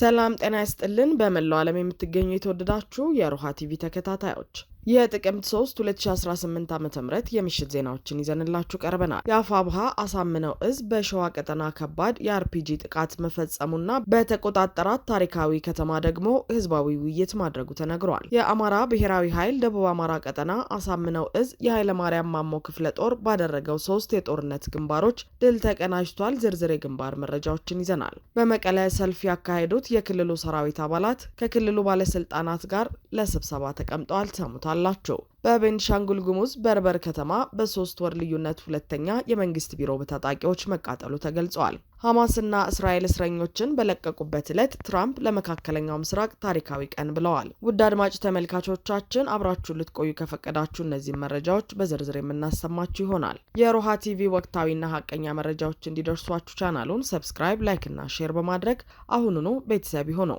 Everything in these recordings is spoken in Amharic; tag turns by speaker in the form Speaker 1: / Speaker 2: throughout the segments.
Speaker 1: ሰላም ጤና ይስጥልን። በመላው ዓለም የምትገኙ የተወደዳችሁ የሮሃ ቲቪ ተከታታዮች የጥቅምት 3 2018 ዓ ም የምሽት ዜናዎችን ይዘንላችሁ ቀርበናል። የአፋብሃ አሳምነው እዝ በሸዋ ቀጠና ከባድ የአርፒጂ ጥቃት መፈጸሙና በተቆጣጠራት ታሪካዊ ከተማ ደግሞ ህዝባዊ ውይይት ማድረጉ ተነግሯል። የአማራ ብሔራዊ ኃይል ደቡብ አማራ ቀጠና አሳምነው እዝ ማርያም ማሞ ክፍለ ጦር ባደረገው ሶስት የጦርነት ግንባሮች ድል ተቀናጅቷል። ዝርዝር የግንባር መረጃዎችን ይዘናል። በመቀለ ሰልፍ ያካሄዱት የክልሉ ሰራዊት አባላት ከክልሉ ባለስልጣናት ጋር ለስብሰባ ተቀምጠዋል። ሰሙታል አላቸው። በቤንሻንጉል ጉሙዝ በርበር ከተማ በሶስት ወር ልዩነት ሁለተኛ የመንግስት ቢሮ በታጣቂዎች መቃጠሉ ተገልጿል። ሐማስና እስራኤል እስረኞችን በለቀቁበት ዕለት ትራምፕ ለመካከለኛው ምስራቅ ታሪካዊ ቀን ብለዋል። ውድ አድማጭ ተመልካቾቻችን አብራችሁን ልትቆዩ ከፈቀዳችሁ እነዚህን መረጃዎች በዝርዝር የምናሰማችሁ ይሆናል። የሮሃ ቲቪ ወቅታዊና ሀቀኛ መረጃዎች እንዲደርሷችሁ ቻናሉን ሰብስክራይብ፣ ላይክና ሼር በማድረግ አሁኑኑ ቤተሰብ ይሁኑ።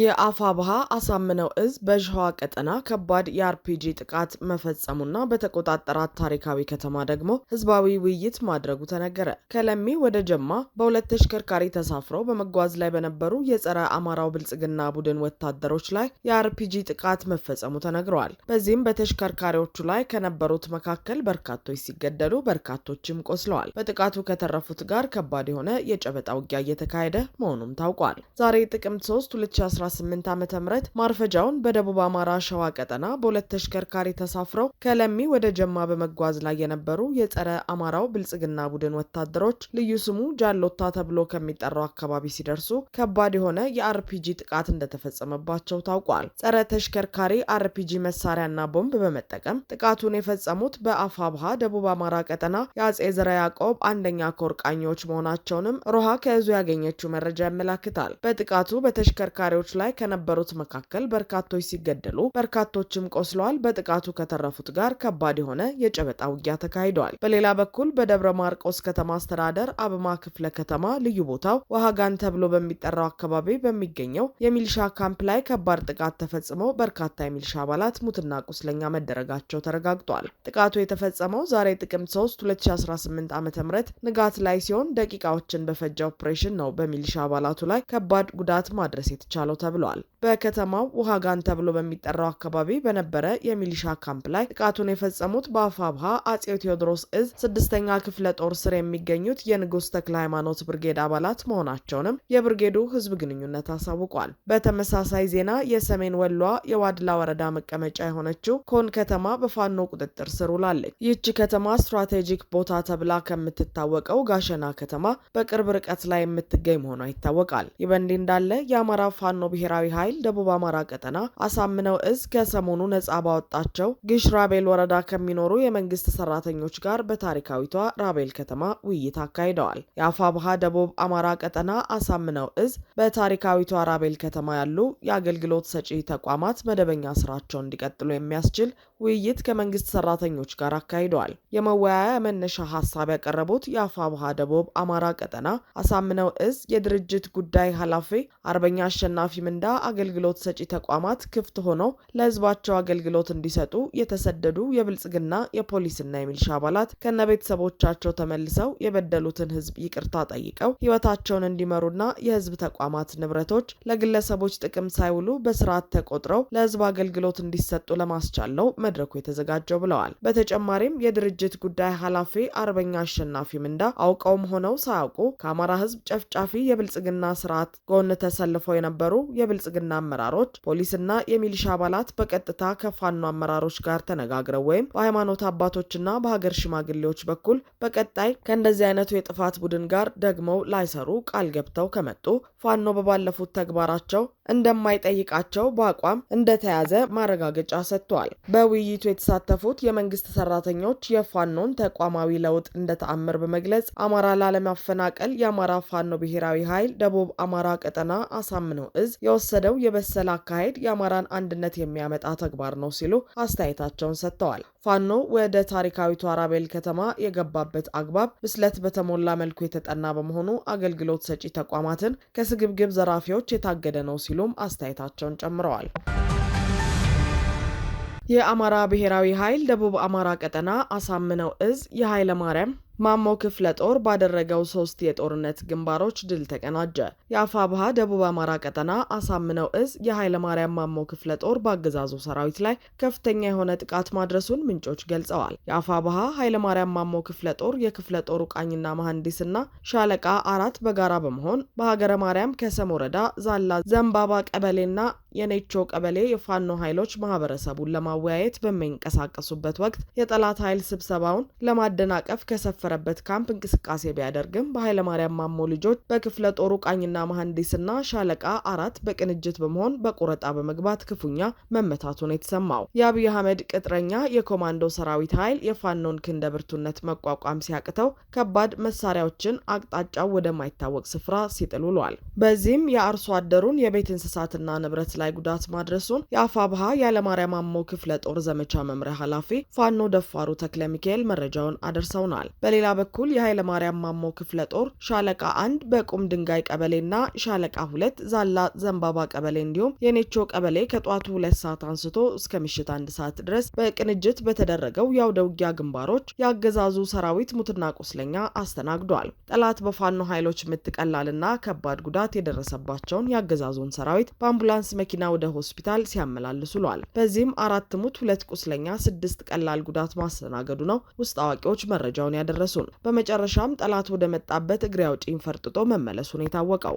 Speaker 1: የአፋብሃ አሳምነው እዝ በሸዋ ቀጠና ከባድ የአርፒጂ ጥቃት መፈጸሙና በተቆጣጠራት ታሪካዊ ከተማ ደግሞ ህዝባዊ ውይይት ማድረጉ ተነገረ። ከለሚ ወደ ጀማ በሁለት ተሽከርካሪ ተሳፍረው በመጓዝ ላይ በነበሩ የጸረ አማራው ብልጽግና ቡድን ወታደሮች ላይ የአርፒጂ ጥቃት መፈጸሙ ተነግረዋል። በዚህም በተሽከርካሪዎቹ ላይ ከነበሩት መካከል በርካቶች ሲገደሉ፣ በርካቶችም ቆስለዋል። በጥቃቱ ከተረፉት ጋር ከባድ የሆነ የጨበጣ ውጊያ እየተካሄደ መሆኑም ታውቋል። ዛሬ ጥቅምት 3 2018 ዓ ም ማርፈጃውን በደቡብ አማራ ሸዋ ቀጠና በሁለት ተሽከርካሪ ተሳፍረው ከለሚ ወደ ጀማ በመጓዝ ላይ የነበሩ የጸረ አማራው ብልጽግና ቡድን ወታደሮች ልዩ ስሙ ጃሎታ ተብሎ ከሚጠራው አካባቢ ሲደርሱ ከባድ የሆነ የአርፒጂ ጥቃት እንደተፈጸመባቸው ታውቋል። ጸረ ተሽከርካሪ አርፒጂ መሳሪያና ቦምብ በመጠቀም ጥቃቱን የፈጸሙት በአፋብሃ ደቡብ አማራ ቀጠና የአጼ ዘረ ያዕቆብ አንደኛ ኮርቃኞች መሆናቸውንም ሮሃ ከእዙ ያገኘችው መረጃ ያመላክታል። በጥቃቱ በተሽከርካሪዎች ላይ ከነበሩት መካከል በርካቶች ሲገደሉ በርካቶችም ቆስለዋል። በጥቃቱ ከተረፉት ጋር ከባድ የሆነ የጨበጣ ውጊያ ተካሂደዋል። በሌላ በኩል በደብረ ማርቆስ ከተማ አስተዳደር አብማ ክፍለ ከተማ ልዩ ቦታው ውሃጋን ተብሎ በሚጠራው አካባቢ በሚገኘው የሚልሻ ካምፕ ላይ ከባድ ጥቃት ተፈጽሞ በርካታ የሚልሻ አባላት ሙትና ቁስለኛ መደረጋቸው ተረጋግጧል። ጥቃቱ የተፈጸመው ዛሬ ጥቅምት 3 2018 ዓ ም ንጋት ላይ ሲሆን ደቂቃዎችን በፈጀ ኦፕሬሽን ነው በሚልሻ አባላቱ ላይ ከባድ ጉዳት ማድረስ የተቻለው ተብሏል። በከተማው ውሃጋን ተብሎ በሚጠራው አካባቢ በነበረ የሚሊሻ ካምፕ ላይ ጥቃቱን የፈጸሙት በአፋብሃ አጼ ቴዎድሮስ እዝ ስድስተኛ ክፍለ ጦር ስር የሚገኙት የንጉሥ ተክለ ሃይማኖት ብርጌድ አባላት መሆናቸውንም የብርጌዱ ህዝብ ግንኙነት አሳውቋል። በተመሳሳይ ዜና የሰሜን ወሏ የዋድላ ወረዳ መቀመጫ የሆነችው ኮን ከተማ በፋኖ ቁጥጥር ስር ውላለች። ይህች ከተማ ስትራቴጂክ ቦታ ተብላ ከምትታወቀው ጋሸና ከተማ በቅርብ ርቀት ላይ የምትገኝ መሆኗ ይታወቃል። ይህ በእንዲህ እንዳለ የአማራ ፋኖ ብሔራዊ ኃይል ደቡብ አማራ ቀጠና አሳምነው እዝ ከሰሞኑ ነጻ ባወጣቸው ግሽ ራቤል ወረዳ ከሚኖሩ የመንግስት ሰራተኞች ጋር በታሪካዊቷ ራቤል ከተማ ውይይት አካሂደዋል። የአፋ ደቡብ አማራ ቀጠና አሳምነው እዝ በታሪካዊቷ ራቤል ከተማ ያሉ የአገልግሎት ሰጪ ተቋማት መደበኛ ስራቸውን እንዲቀጥሉ የሚያስችል ውይይት ከመንግስት ሰራተኞች ጋር አካሂደዋል። የመወያያ መነሻ ሀሳብ ያቀረቡት የአፋ ደቡብ አማራ ቀጠና አሳምነው እዝ የድርጅት ጉዳይ ኃላፊ አርበኛ አሸናፊ ምንዳ አገልግሎት ሰጪ ተቋማት ክፍት ሆነው ለህዝባቸው አገልግሎት እንዲሰጡ የተሰደዱ የብልጽግና የፖሊስና የሚሊሻ አባላት ከነቤተሰቦቻቸው ተመልሰው የበደሉትን ሕዝብ ይቅርታ ጠይቀው ሕይወታቸውን እንዲመሩና የሕዝብ ተቋማት ንብረቶች ለግለሰቦች ጥቅም ሳይውሉ በስርዓት ተቆጥረው ለሕዝብ አገልግሎት እንዲሰጡ ለማስቻል ነው መድረኩ የተዘጋጀው ብለዋል። በተጨማሪም የድርጅት ጉዳይ ኃላፊ አርበኛ አሸናፊ ምንዳ አውቀውም ሆነው ሳያውቁ ከአማራ ሕዝብ ጨፍጫፊ የብልጽግና ስርዓት ጎን ተሰልፈው የነበሩ የብልጽግና አመራሮች ፖሊስና የሚሊሻ አባላት በቀጥታ ከፋኖ አመራሮች ጋር ተነጋግረው ወይም በሃይማኖት አባቶችና በሀገር ሽማግሌዎች በኩል በቀጣይ ከእንደዚህ አይነቱ የጥፋት ቡድን ጋር ደግመው ላይሰሩ ቃል ገብተው ከመጡ ፋኖ በባለፉት ተግባራቸው እንደማይጠይቃቸው በአቋም እንደተያዘ ማረጋገጫ ሰጥቷል። በውይይቱ የተሳተፉት የመንግስት ሰራተኞች የፋኖን ተቋማዊ ለውጥ እንደ ተአምር በመግለጽ አማራ ላለማፈናቀል የአማራ ፋኖ ብሔራዊ ኃይል ደቡብ አማራ ቀጠና አሳምነው እዝ የወሰደው የበሰለ አካሄድ የአማራን አንድነት የሚያመጣ ተግባር ነው ሲሉ አስተያየታቸውን ሰጥተዋል። ፋኖ ወደ ታሪካዊቱ አራቤል ከተማ የገባበት አግባብ ብስለት በተሞላ መልኩ የተጠና በመሆኑ አገልግሎት ሰጪ ተቋማትን ከስግብግብ ዘራፊዎች የታገደ ነው ሲሉም አስተያየታቸውን ጨምረዋል። የአማራ ብሔራዊ ኃይል ደቡብ አማራ ቀጠና አሳምነው እዝ የኃይለ ማርያም ማሞ ክፍለ ጦር ባደረገው ሶስት የጦርነት ግንባሮች ድል ተቀናጀ። ባሃ ደቡብ አማራ ቀጠና አሳምነው እዝ የኃይለማርያም ማሞ ክፍለ ጦር በአገዛዙ ሰራዊት ላይ ከፍተኛ የሆነ ጥቃት ማድረሱን ምንጮች ገልጸዋል። ኃይለ ኃይለማርያም ማሞ ክፍለ ጦር የክፍለ ጦሩ ቃኝና መሐንዲስና ሻለቃ አራት በጋራ በመሆን በሀገረ ማርያም ከሰም ወረዳ ዛላ ዘንባባ ቀበሌና የኔቾ ቀበሌ የፋኖ ኃይሎች ማህበረሰቡን ለማወያየት በሚንቀሳቀሱበት ወቅት የጠላት ኃይል ስብሰባውን ለማደናቀፍ ከሰፈ በሰፈረበት ካምፕ እንቅስቃሴ ቢያደርግም በኃይለማርያም ማሞ ልጆች በክፍለ ጦሩ ቃኝና መሐንዲስና ሻለቃ አራት በቅንጅት በመሆን በቁረጣ በመግባት ክፉኛ መመታቱ ነው የተሰማው። የአብይ አህመድ ቅጥረኛ የኮማንዶ ሰራዊት ኃይል የፋኖን ክንደ ብርቱነት መቋቋም ሲያቅተው ከባድ መሳሪያዎችን አቅጣጫው ወደማይታወቅ ስፍራ ሲጥል ውሏል። በዚህም የአርሶ አደሩን የቤት እንስሳትና ንብረት ላይ ጉዳት ማድረሱን የአፋብሃ የኃይለማርያም ማሞ ክፍለ ጦር ዘመቻ መምሪያ ኃላፊ ፋኖ ደፋሩ ተክለ ሚካኤል መረጃውን አደርሰውናል። በሌላ በኩል ማርያም ማሞ ክፍለ ጦር ሻለቃ አንድ በቁም ድንጋይ ቀበሌና ሻለቃ ሁለት ዛላ ዘንባባ ቀበሌ እንዲሁም የኔቾ ቀበሌ ከጠዋቱ ሁለት ሰዓት አንስቶ እስከ ምሽት አንድ ሰዓት ድረስ በቅንጅት በተደረገው የአውደ ውጊያ ግንባሮች የአገዛዙ ሰራዊት ሙትና ቁስለኛ አስተናግዷል። ጠላት በፋኖ ኃይሎች ምት ቀላልና ከባድ ጉዳት የደረሰባቸውን የአገዛዙን ሰራዊት በአምቡላንስ መኪና ወደ ሆስፒታል ሲያመላልሱ ውሏል። በዚህም አራት ሙት፣ ሁለት ቁስለኛ፣ ስድስት ቀላል ጉዳት ማስተናገዱ ነው ውስጥ አዋቂዎች መረጃውን ያደረሱ ማድረሱን በመጨረሻም ጠላት ወደ መጣበት እግሬ አውጪኝ ፈርጥጦ መመለሱን የታወቀው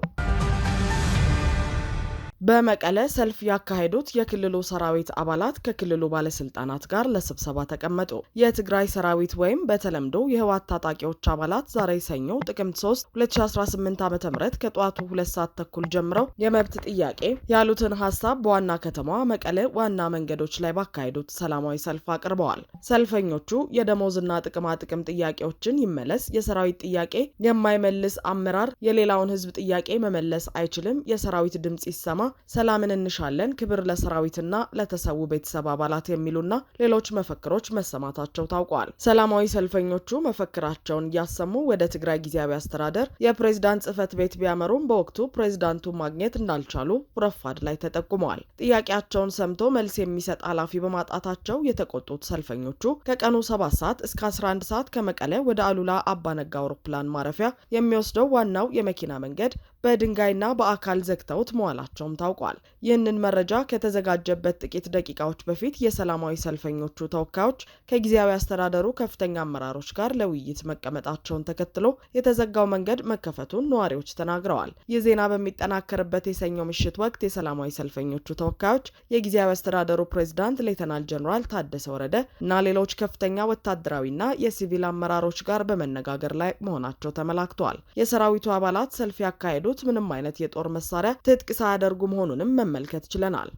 Speaker 1: በመቀለ ሰልፍ ያካሄዱት የክልሉ ሰራዊት አባላት ከክልሉ ባለስልጣናት ጋር ለስብሰባ ተቀመጡ። የትግራይ ሰራዊት ወይም በተለምዶ የህወሓት ታጣቂዎች አባላት ዛሬ ሰኞ ጥቅምት 3 2018 ዓ ም ከጠዋቱ ሁለት ሰዓት ተኩል ጀምረው የመብት ጥያቄ ያሉትን ሀሳብ በዋና ከተማዋ መቀለ ዋና መንገዶች ላይ ባካሄዱት ሰላማዊ ሰልፍ አቅርበዋል። ሰልፈኞቹ የደሞዝና ጥቅማጥቅም ጥያቄዎችን ይመለስ፣ የሰራዊት ጥያቄ የማይመልስ አመራር የሌላውን ህዝብ ጥያቄ መመለስ አይችልም፣ የሰራዊት ድምፅ ይሰማ ሰላምን እንሻለን፣ ክብር ለሰራዊትና ለተሰዉ ቤተሰብ አባላት የሚሉና ሌሎች መፈክሮች መሰማታቸው ታውቋል። ሰላማዊ ሰልፈኞቹ መፈክራቸውን እያሰሙ ወደ ትግራይ ጊዜያዊ አስተዳደር የፕሬዝዳንት ጽህፈት ቤት ቢያመሩም በወቅቱ ፕሬዝዳንቱ ማግኘት እንዳልቻሉ ረፋድ ላይ ተጠቁመዋል። ጥያቄያቸውን ሰምቶ መልስ የሚሰጥ ኃላፊ በማጣታቸው የተቆጡት ሰልፈኞቹ ከቀኑ 7 ሰዓት እስከ 11 ሰዓት ከመቀለ ወደ አሉላ አባነጋ አውሮፕላን ማረፊያ የሚወስደው ዋናው የመኪና መንገድ በድንጋይና በአካል ዘግተውት መዋላቸውም ታውቋል። ይህንን መረጃ ከተዘጋጀበት ጥቂት ደቂቃዎች በፊት የሰላማዊ ሰልፈኞቹ ተወካዮች ከጊዜያዊ አስተዳደሩ ከፍተኛ አመራሮች ጋር ለውይይት መቀመጣቸውን ተከትሎ የተዘጋው መንገድ መከፈቱን ነዋሪዎች ተናግረዋል። ይህ ዜና በሚጠናከርበት የሰኞ ምሽት ወቅት የሰላማዊ ሰልፈኞቹ ተወካዮች የጊዜያዊ አስተዳደሩ ፕሬዚዳንት ሌተናል ጀኔራል ታደሰ ወረደ እና ሌሎች ከፍተኛ ወታደራዊና የሲቪል አመራሮች ጋር በመነጋገር ላይ መሆናቸው ተመላክተዋል። የሰራዊቱ አባላት ሰልፍ ያካሄዱ ያሉት ምንም አይነት የጦር መሳሪያ ትጥቅ ሳያደርጉ መሆኑንም መመልከት ችለናል።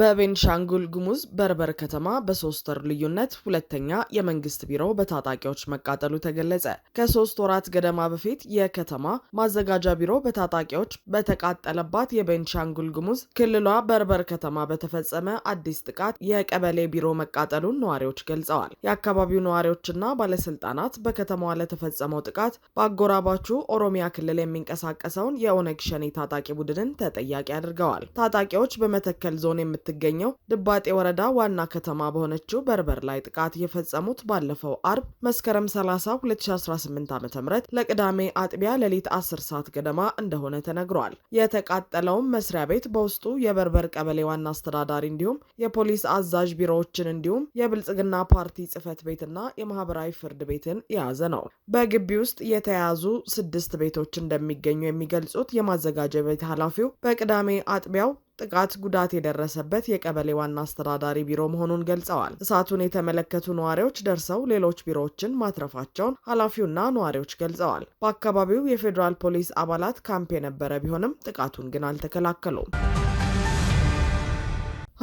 Speaker 1: በቤንሻንጉል ጉሙዝ በርበር ከተማ በሶስት ወር ልዩነት ሁለተኛ የመንግስት ቢሮ በታጣቂዎች መቃጠሉ ተገለጸ። ከሶስት ወራት ገደማ በፊት የከተማ ማዘጋጃ ቢሮ በታጣቂዎች በተቃጠለባት የቤንሻንጉል ጉሙዝ ክልሏ በርበር ከተማ በተፈጸመ አዲስ ጥቃት የቀበሌ ቢሮ መቃጠሉን ነዋሪዎች ገልጸዋል። የአካባቢው ነዋሪዎችና ባለስልጣናት በከተማዋ ለተፈጸመው ጥቃት በአጎራባቹ ኦሮሚያ ክልል የሚንቀሳቀሰውን የኦነግ ሸኔ ታጣቂ ቡድንን ተጠያቂ አድርገዋል። ታጣቂዎች በመተከል ዞን በምትገኘው ድባጤ ወረዳ ዋና ከተማ በሆነችው በርበር ላይ ጥቃት የፈጸሙት ባለፈው አርብ መስከረም 30 2018 ዓ ም ለቅዳሜ አጥቢያ ሌሊት 10 ሰዓት ገደማ እንደሆነ ተነግሯል። የተቃጠለውም መስሪያ ቤት በውስጡ የበርበር ቀበሌ ዋና አስተዳዳሪ እንዲሁም የፖሊስ አዛዥ ቢሮዎችን እንዲሁም የብልጽግና ፓርቲ ጽህፈት ቤትና የማህበራዊ ፍርድ ቤትን የያዘ ነው። በግቢ ውስጥ የተያዙ ስድስት ቤቶች እንደሚገኙ የሚገልጹት የማዘጋጃ ቤት ኃላፊው በቅዳሜ አጥቢያው ጥቃት ጉዳት የደረሰበት የቀበሌ ዋና አስተዳዳሪ ቢሮ መሆኑን ገልጸዋል። እሳቱን የተመለከቱ ነዋሪዎች ደርሰው ሌሎች ቢሮዎችን ማትረፋቸውን ኃላፊውና ነዋሪዎች ገልጸዋል። በአካባቢው የፌዴራል ፖሊስ አባላት ካምፕ የነበረ ቢሆንም ጥቃቱን ግን አልተከላከሉም።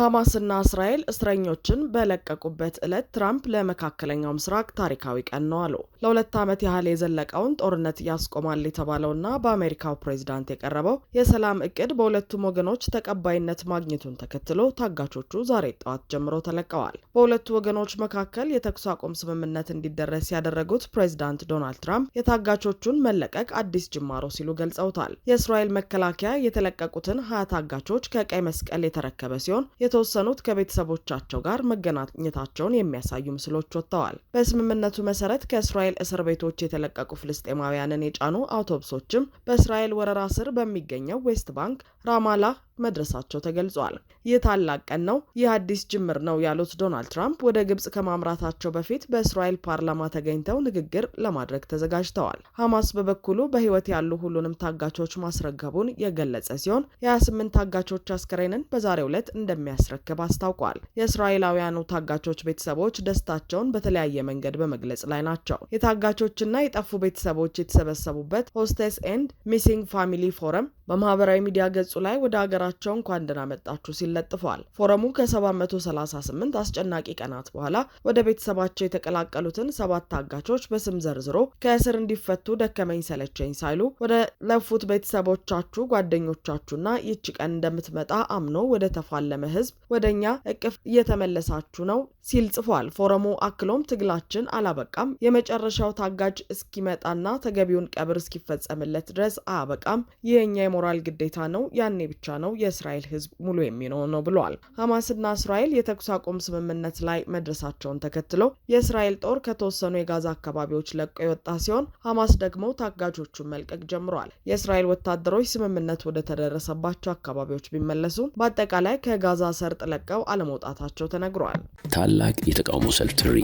Speaker 1: ሐማስና እስራኤል እስረኞችን በለቀቁበት ዕለት ትራምፕ ለመካከለኛው ምስራቅ ታሪካዊ ቀን ነው አሉ። ለሁለት ዓመት ያህል የዘለቀውን ጦርነት ያስቆማል የተባለውና በአሜሪካው ፕሬዚዳንት የቀረበው የሰላም እቅድ በሁለቱም ወገኖች ተቀባይነት ማግኘቱን ተከትሎ ታጋቾቹ ዛሬ ጠዋት ጀምሮ ተለቀዋል። በሁለቱ ወገኖች መካከል የተኩስ አቁም ስምምነት እንዲደረስ ያደረጉት ፕሬዚዳንት ዶናልድ ትራምፕ የታጋቾቹን መለቀቅ አዲስ ጅማሮ ሲሉ ገልጸውታል። የእስራኤል መከላከያ የተለቀቁትን ሀያ ታጋቾች ከቀይ መስቀል የተረከበ ሲሆን የተወሰኑት ከቤተሰቦቻቸው ጋር መገናኘታቸውን የሚያሳዩ ምስሎች ወጥተዋል። በስምምነቱ መሰረት ከእስራኤል እስር ቤቶች የተለቀቁ ፍልስጤማውያንን የጫኑ አውቶቡሶችም በእስራኤል ወረራ ስር በሚገኘው ዌስት ባንክ፣ ራማላ፣ መድረሳቸው ተገልጿል። ይህ ታላቅ ቀን ነው፣ ይህ አዲስ ጅምር ነው ያሉት ዶናልድ ትራምፕ ወደ ግብጽ ከማምራታቸው በፊት በእስራኤል ፓርላማ ተገኝተው ንግግር ለማድረግ ተዘጋጅተዋል። ሐማስ በበኩሉ በህይወት ያሉ ሁሉንም ታጋቾች ማስረከቡን የገለጸ ሲሆን የ28 ታጋቾች አስከሬንን በዛሬው ዕለት እንደሚያስረክብ አስታውቋል። የእስራኤላውያኑ ታጋቾች ቤተሰቦች ደስታቸውን በተለያየ መንገድ በመግለጽ ላይ ናቸው። የታጋቾችና የጠፉ ቤተሰቦች የተሰበሰቡበት ሆስቴስ ኤንድ ሚሲንግ ፋሚሊ ፎረም በማህበራዊ ሚዲያ ገጹ ላይ ወደ ሀገራቸው እንኳን ደህና መጣችሁ ሲል ለጥፏል። ፎረሙ ከ738 አስጨናቂ ቀናት በኋላ ወደ ቤተሰባቸው የተቀላቀሉትን ሰባት ታጋቾች በስም ዘርዝሮ ከእስር እንዲፈቱ ደከመኝ ሰለቸኝ ሳይሉ ወደ ለፉት ቤተሰቦቻችሁ፣ ጓደኞቻችሁና ይቺ ቀን እንደምትመጣ አምኖ ወደ ተፋለመ ህዝብ ወደ እኛ እቅፍ እየተመለሳችሁ ነው ሲል ጽፏል። ፎረሙ አክሎም ትግላችን አላበቃም፣ የመጨረሻው ታጋጅ እስኪመጣና ተገቢውን ቀብር እስኪፈጸምለት ድረስ አያበቃም። ይህኛ የሞ ሞራል ግዴታ ነው። ያኔ ብቻ ነው የእስራኤል ህዝብ ሙሉ የሚሆነው ነው ብለዋል። ሐማስና እስራኤል የተኩስ አቁም ስምምነት ላይ መድረሳቸውን ተከትሎ የእስራኤል ጦር ከተወሰኑ የጋዛ አካባቢዎች ለቆ የወጣ ሲሆን ሐማስ ደግሞ ታጋቾቹን መልቀቅ ጀምረዋል። የእስራኤል ወታደሮች ስምምነት ወደ ተደረሰባቸው አካባቢዎች ቢመለሱም በአጠቃላይ ከጋዛ ሰርጥ ለቀው አለመውጣታቸው ተነግረዋል።
Speaker 2: ታላቅ የተቃውሞ ሰልፍ ጥሪ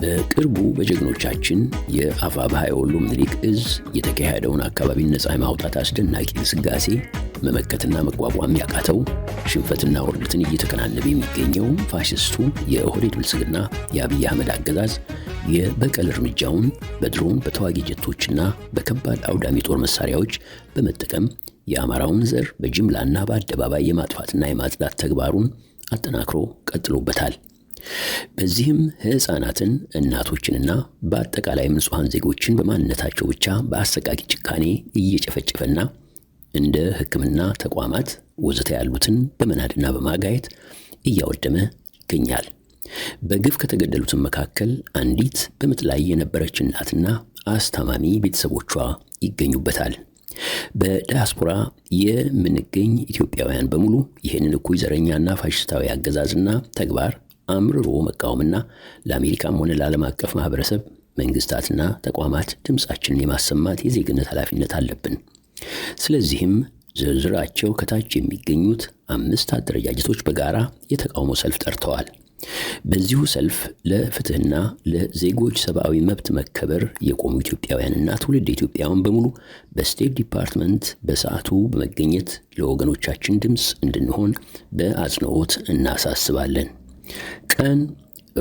Speaker 2: በቅርቡ በጀግኖቻችን የአፋብኃ የወሎ ምኒልክ እዝ የተካሄደውን አካባቢን ነጻ ማውጣት አስደናቂ ግስጋሴ መመከትና መቋቋም ያቃተው ሽንፈትና ውርደትን እየተከናነበ የሚገኘው ፋሽስቱ የኦህዴድ ብልጽግና የአብይ አህመድ አገዛዝ የበቀል እርምጃውን በድሮን በተዋጊ ጀቶችና በከባድ አውዳሚ ጦር መሳሪያዎች በመጠቀም የአማራውን ዘር በጅምላና በአደባባይ የማጥፋትና የማጽዳት ተግባሩን አጠናክሮ ቀጥሎበታል። በዚህም ሕፃናትን እናቶችንና በአጠቃላይ ንጹሐን ዜጎችን በማንነታቸው ብቻ በአሰቃቂ ጭካኔ እየጨፈጨፈና እንደ ሕክምና ተቋማት ወዘተ ያሉትን በመናድና በማጋየት እያወደመ ይገኛል። በግፍ ከተገደሉትን መካከል አንዲት በምጥ ላይ የነበረች እናትና አስታማሚ ቤተሰቦቿ ይገኙበታል። በዳያስፖራ የምንገኝ ኢትዮጵያውያን በሙሉ ይህንን እኩይ ዘረኛና ፋሽስታዊ አገዛዝና ተግባር አምርሮ መቃወምና ለአሜሪካም ሆነ ለዓለም አቀፍ ማህበረሰብ መንግስታትና ተቋማት ድምፃችንን የማሰማት የዜግነት ኃላፊነት አለብን። ስለዚህም ዝርዝራቸው ከታች የሚገኙት አምስት አደረጃጀቶች በጋራ የተቃውሞ ሰልፍ ጠርተዋል። በዚሁ ሰልፍ ለፍትህና ለዜጎች ሰብአዊ መብት መከበር የቆሙ ኢትዮጵያውያንና ትውልድ ኢትዮጵያውያን በሙሉ በስቴት ዲፓርትመንት በሰዓቱ በመገኘት ለወገኖቻችን ድምፅ እንድንሆን በአጽንኦት እናሳስባለን። ቀን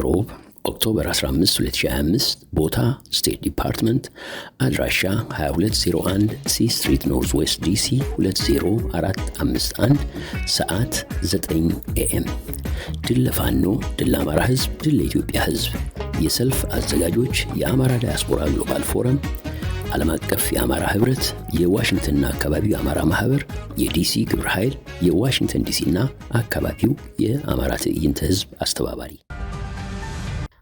Speaker 2: ሮብ ኦክቶበር 15 2025 ቦታ ስቴት ዲፓርትመንት አድራሻ 2201 ሲ ስትሪት ኖርዝ ዌስት ዲሲ 20451 ሰዓት 9 ኤኤም ድል ለፋኖ ድል ለአማራ ህዝብ ድል ለኢትዮጵያ ህዝብ የሰልፍ አዘጋጆች የአማራ ዳያስፖራ ግሎባል ፎረም ዓለም አቀፍ የአማራ ህብረት የዋሽንግተንና አካባቢው የአማራ ማህበር የዲሲ ግብረ ኃይል የዋሽንግተን ና አካባቢው የአማራ ትዕይንተ ህዝብ አስተባባሪ